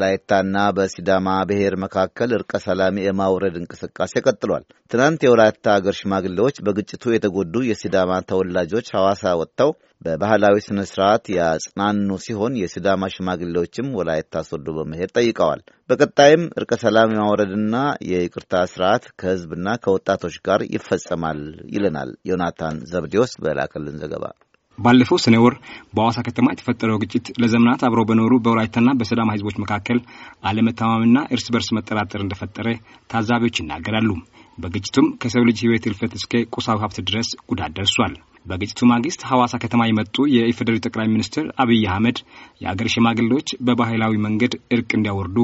በወላይታና በሲዳማ ብሔር መካከል እርቀ ሰላም የማውረድ እንቅስቃሴ ቀጥሏል። ትናንት የወላይታ አገር ሽማግሌዎች በግጭቱ የተጎዱ የሲዳማ ተወላጆች ሐዋሳ ወጥተው በባህላዊ ስነ ስርዓት ያጽናኑ ሲሆን የሲዳማ ሽማግሌዎችም ወላይታ ሶዶ በመሄድ ጠይቀዋል። በቀጣይም እርቀ ሰላም የማውረድና የይቅርታ ስርዓት ከህዝብና ከወጣቶች ጋር ይፈጸማል ይለናል ዮናታን ዘብዴዎስ በላከልን ዘገባ ባለፈው ሰኔ ወር በሐዋሳ ከተማ የተፈጠረው ግጭት ለዘመናት አብረው በኖሩ በወላይታና በሰዳማ ህዝቦች መካከል አለመተማመንና እርስ በርስ መጠራጠር እንደፈጠረ ታዛቢዎች ይናገራሉ። በግጭቱም ከሰው ልጅ ህይወት እልፈት እስከ ቁሳዊ ሀብት ድረስ ጉዳት ደርሷል። በግጭቱ ማግስት ሐዋሳ ከተማ የመጡ የኢፌዴሪ ጠቅላይ ሚኒስትር አብይ አህመድ የአገር ሽማግሌዎች በባህላዊ መንገድ እርቅ እንዲያወርዱ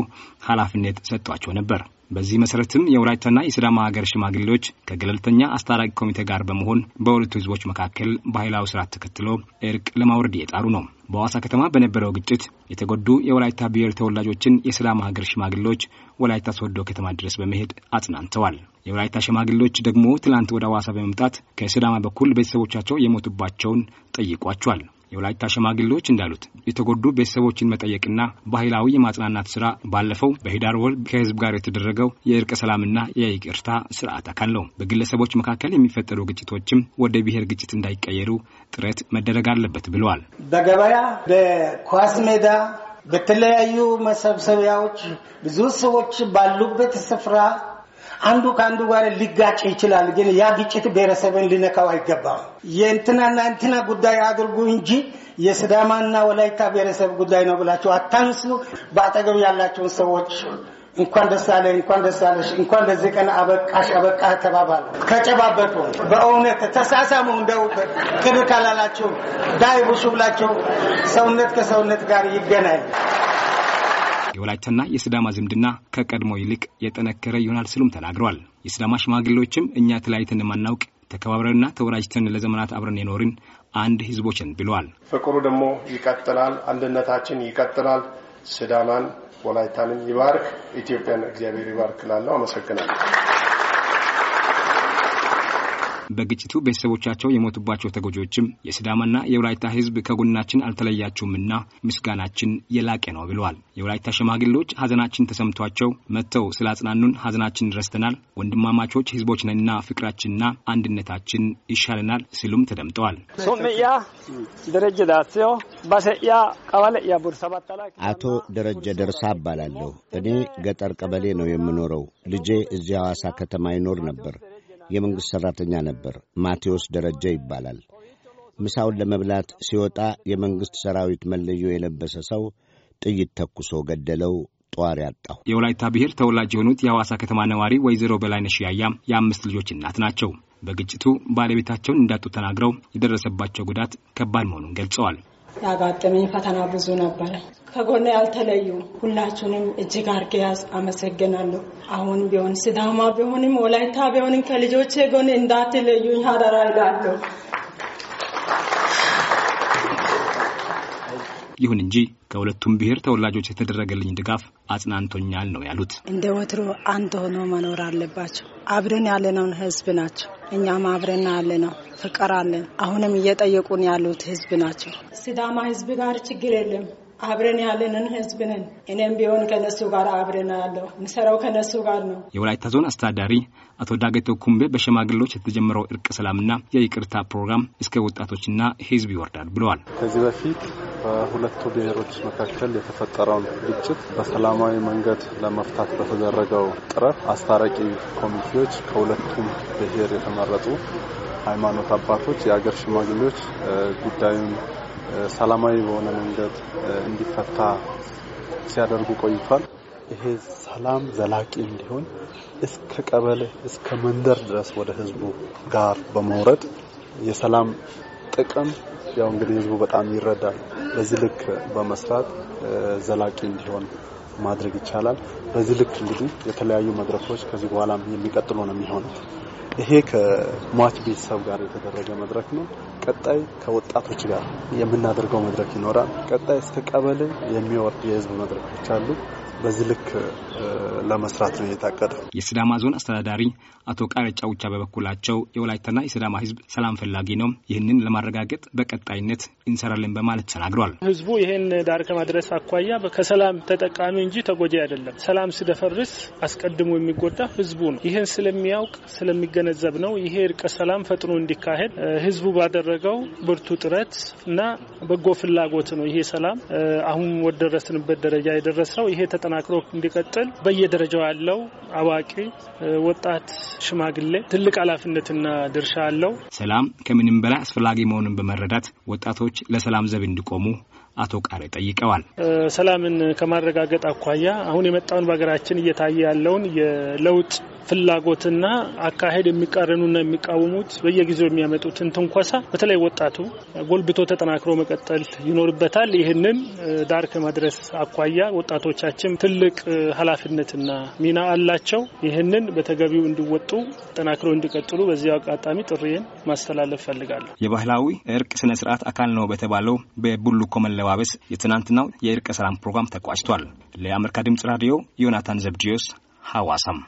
ኃላፊነት ሰጥቷቸው ነበር። በዚህ መሰረትም የወላይታና የሲዳማ ሀገር ሽማግሌዎች ከገለልተኛ አስታራቂ ኮሚቴ ጋር በመሆን በሁለቱ ህዝቦች መካከል ባህላዊ ስርዓት ተከትሎ እርቅ ለማውረድ እየጣሩ ነው። በሐዋሳ ከተማ በነበረው ግጭት የተጎዱ የወላይታ ብሔር ተወላጆችን የሲዳማ ሀገር ሽማግሌዎች ወላይታ ሶዶ ከተማ ድረስ በመሄድ አጽናንተዋል። የወላይታ ሽማግሌዎች ደግሞ ትላንት ወደ ሐዋሳ በመምጣት ከሲዳማ በኩል ቤተሰቦቻቸው የሞቱባቸውን ጠይቋቸዋል። የወላይታ ሸማግሌዎች እንዳሉት የተጎዱ ቤተሰቦችን መጠየቅና ባህላዊ የማጽናናት ስራ ባለፈው በሂዳር ወር ከህዝብ ጋር የተደረገው የእርቀ ሰላምና የይቅርታ ስርዓት አካል ነው። በግለሰቦች መካከል የሚፈጠሩ ግጭቶችም ወደ ብሔር ግጭት እንዳይቀየሩ ጥረት መደረግ አለበት ብለዋል። በገበያ በኳስ ሜዳ፣ በተለያዩ መሰብሰቢያዎች ብዙ ሰዎች ባሉበት ስፍራ አንዱ ከአንዱ ጋር ሊጋጭ ይችላል፣ ግን ያ ግጭት ብሔረሰብን ሊነካው አይገባም። የእንትናና እንትና ጉዳይ አድርጉ እንጂ የስዳማና ወላይታ ብሔረሰብ ጉዳይ ነው ብላችሁ አታንሱ። በአጠገብ ያላቸውን ሰዎች እንኳን ደስ አለ፣ እንኳን ደስ አለሽ፣ እንኳን ለዚህ ቀን አበቃሽ፣ አበቃ ተባባሉ፣ ከጨባበጡ በእውነት ተሳሳሙ። እንደው ክብር ካላላቸው ዳይ ብሱ ብላቸው፣ ሰውነት ከሰውነት ጋር ይገናኝ። የወላይታና የስዳማ ዝምድና ከቀድሞ ይልቅ የጠነከረ ይሆናል ስሉም ተናግረዋል። የስዳማ ሽማግሌዎችም እኛ ተለያይተን ማናውቅ ተከባብረንና ተወራጅተን ለዘመናት አብረን የኖርን አንድ ህዝቦችን ብለዋል። ፍቅሩ ደግሞ ይቀጥላል፣ አንድነታችን ይቀጥላል። ስዳማን ወላይታንን ይባርክ፣ ኢትዮጵያን እግዚአብሔር ይባርክ። ላለው አመሰግናለሁ። በግጭቱ ቤተሰቦቻቸው የሞቱባቸው ተጎጂዎችም የስዳማና የውላይታ ህዝብ ከጎናችን አልተለያችሁምና ምስጋናችን የላቀ ነው ብለዋል። የውላይታ ሽማግሌዎች ሀዘናችን ተሰምቷቸው መጥተው ስላጽናኑን ሀዘናችን ረስተናል፣ ወንድማማቾች ህዝቦች ነንና ፍቅራችንና አንድነታችን ይሻለናል ሲሉም ተደምጠዋል። አቶ ደረጀ ደርሳ እባላለሁ። እኔ ገጠር ቀበሌ ነው የምኖረው። ልጄ እዚህ ሐዋሳ ከተማ ይኖር ነበር። የመንግሥት ሠራተኛ ነበር። ማቴዎስ ደረጀ ይባላል። ምሳውን ለመብላት ሲወጣ የመንግሥት ሠራዊት መለዮ የለበሰ ሰው ጥይት ተኩሶ ገደለው። ጧሪ ያጣሁ የወላይታ ብሔር ተወላጅ የሆኑት የሐዋሳ ከተማ ነዋሪ ወይዘሮ በላይነሽ ያያ የአምስት ልጆች እናት ናቸው። በግጭቱ ባለቤታቸውን እንዳጡ ተናግረው የደረሰባቸው ጉዳት ከባድ መሆኑን ገልጸዋል። ያጋጠመኝ ፈተና ብዙ ነበረ። ከጎን ያልተለዩ ሁላችሁንም እጅግ አርጌ ያዝ አመሰግናለሁ። አሁን ቢሆን ሲዳማ ቢሆንም ወላይታ ቢሆንም ከልጆቼ ጎን እንዳትለዩኝ አደራ እላለሁ። ይሁን እንጂ ከሁለቱም ብሔር ተወላጆች የተደረገልኝ ድጋፍ አጽናንቶኛል ነው ያሉት። እንደ ወትሮ አንድ ሆኖ መኖር አለባቸው። አብረን ያለነውን ህዝብ ናቸው። እኛም አብረን ያለነው ፍቅር አለን። አሁንም እየጠየቁን ያሉት ህዝብ ናቸው። ሲዳማ ህዝብ ጋር ችግር የለም አብረን ያለንን ህዝብ ነን። እኔም ቢሆን ከነሱ ጋር አብረን ያለው ምሰራው ከነሱ ጋር ነው። የወላይታ ዞን አስተዳዳሪ አቶ ዳገቶ ኩምቤ በሸማግሎች የተጀመረው እርቅ ሰላምና የይቅርታ ፕሮግራም እስከ ወጣቶችና ህዝብ ይወርዳል ብለዋል። ከዚህ በፊት በሁለቱ ብሔሮች መካከል የተፈጠረውን ግጭት በሰላማዊ መንገድ ለመፍታት በተደረገው ጥረት አስታራቂ ኮሚቴዎች ከሁለቱም ብሔር የተመረጡ ሃይማኖት አባቶች፣ የአገር ሽማግሌዎች ጉዳዩን ሰላማዊ በሆነ መንገድ እንዲፈታ ሲያደርጉ ቆይቷል። ይሄ ሰላም ዘላቂ እንዲሆን እስከ ቀበሌ እስከ መንደር ድረስ ወደ ህዝቡ ጋር በመውረድ የሰላም ጥቅም ያው እንግዲህ ህዝቡ በጣም ይረዳል። በዚህ ልክ በመስራት ዘላቂ እንዲሆን ማድረግ ይቻላል። በዚህ ልክ እንግዲህ የተለያዩ መድረኮች ከዚህ በኋላም የሚቀጥሉ ነው የሚሆኑት። ይሄ ከሟች ቤተሰብ ጋር የተደረገ መድረክ ነው። ቀጣይ ከወጣቶች ጋር የምናደርገው መድረክ ይኖራል። ቀጣይ እስከ ቀበሌ የሚወርድ የህዝብ መድረኮች አሉ። በዚህ ልክ ለመስራት ነው እየታቀደ። የሲዳማ ዞን አስተዳዳሪ አቶ ቃረጫ ውቻ በበኩላቸው የወላይታና የሲዳማ ህዝብ ሰላም ፈላጊ ነው፣ ይህንን ለማረጋገጥ በቀጣይነት እንሰራለን በማለት ተናግሯል። ህዝቡ ይህን ዳር ከማድረስ አኳያ ከሰላም ተጠቃሚ እንጂ ተጎጂ አይደለም። ሰላም ስደፈርስ አስቀድሞ የሚጎዳ ህዝቡ ነው። ይህን ስለሚያውቅ ስለሚገነዘብ ነው ይሄ እርቀ ሰላም ፈጥኖ እንዲካሄድ ህዝቡ ባደረገው ብርቱ ጥረት እና በጎ ፍላጎት ነው ይሄ ሰላም አሁን ወደረስንበት ደረጃ የደረሰው ይሄ ተጠናክሮ እንዲቀጥል በየደረጃው ያለው አዋቂ፣ ወጣት፣ ሽማግሌ ትልቅ ኃላፊነትና ድርሻ አለው። ሰላም ከምንም በላይ አስፈላጊ መሆኑን በመረዳት ወጣቶች ለሰላም ዘብ እንዲቆሙ አቶ ቃሬ ጠይቀዋል። ሰላምን ከማረጋገጥ አኳያ አሁን የመጣውን በሀገራችን እየታየ ያለውን የለውጥ ፍላጎትና አካሄድ የሚቃረኑና የሚቃወሙት በየጊዜው የሚያመጡትን ትንኮሳ በተለይ ወጣቱ ጎልብቶ ተጠናክሮ መቀጠል ይኖርበታል። ይህንን ዳር ከማድረስ አኳያ ወጣቶቻችን ትልቅ ኃላፊነትና ሚና አላቸው። ይህንን በተገቢው እንዲወጡ ተጠናክሮ እንዲቀጥሉ በዚያው አጋጣሚ ጥሪዬን ማስተላለፍ ፈልጋለሁ። የባህላዊ እርቅ ስነ ስርዓት አካል ነው በተባለው በቡሉኮ መለዋ በመቀለባበስ የትናንትናው የእርቀ ሰላም ፕሮግራም ተቋጭቷል። ለአሜሪካ ድምጽ ራዲዮ ዮናታን ዘብዲዮስ ሐዋሳም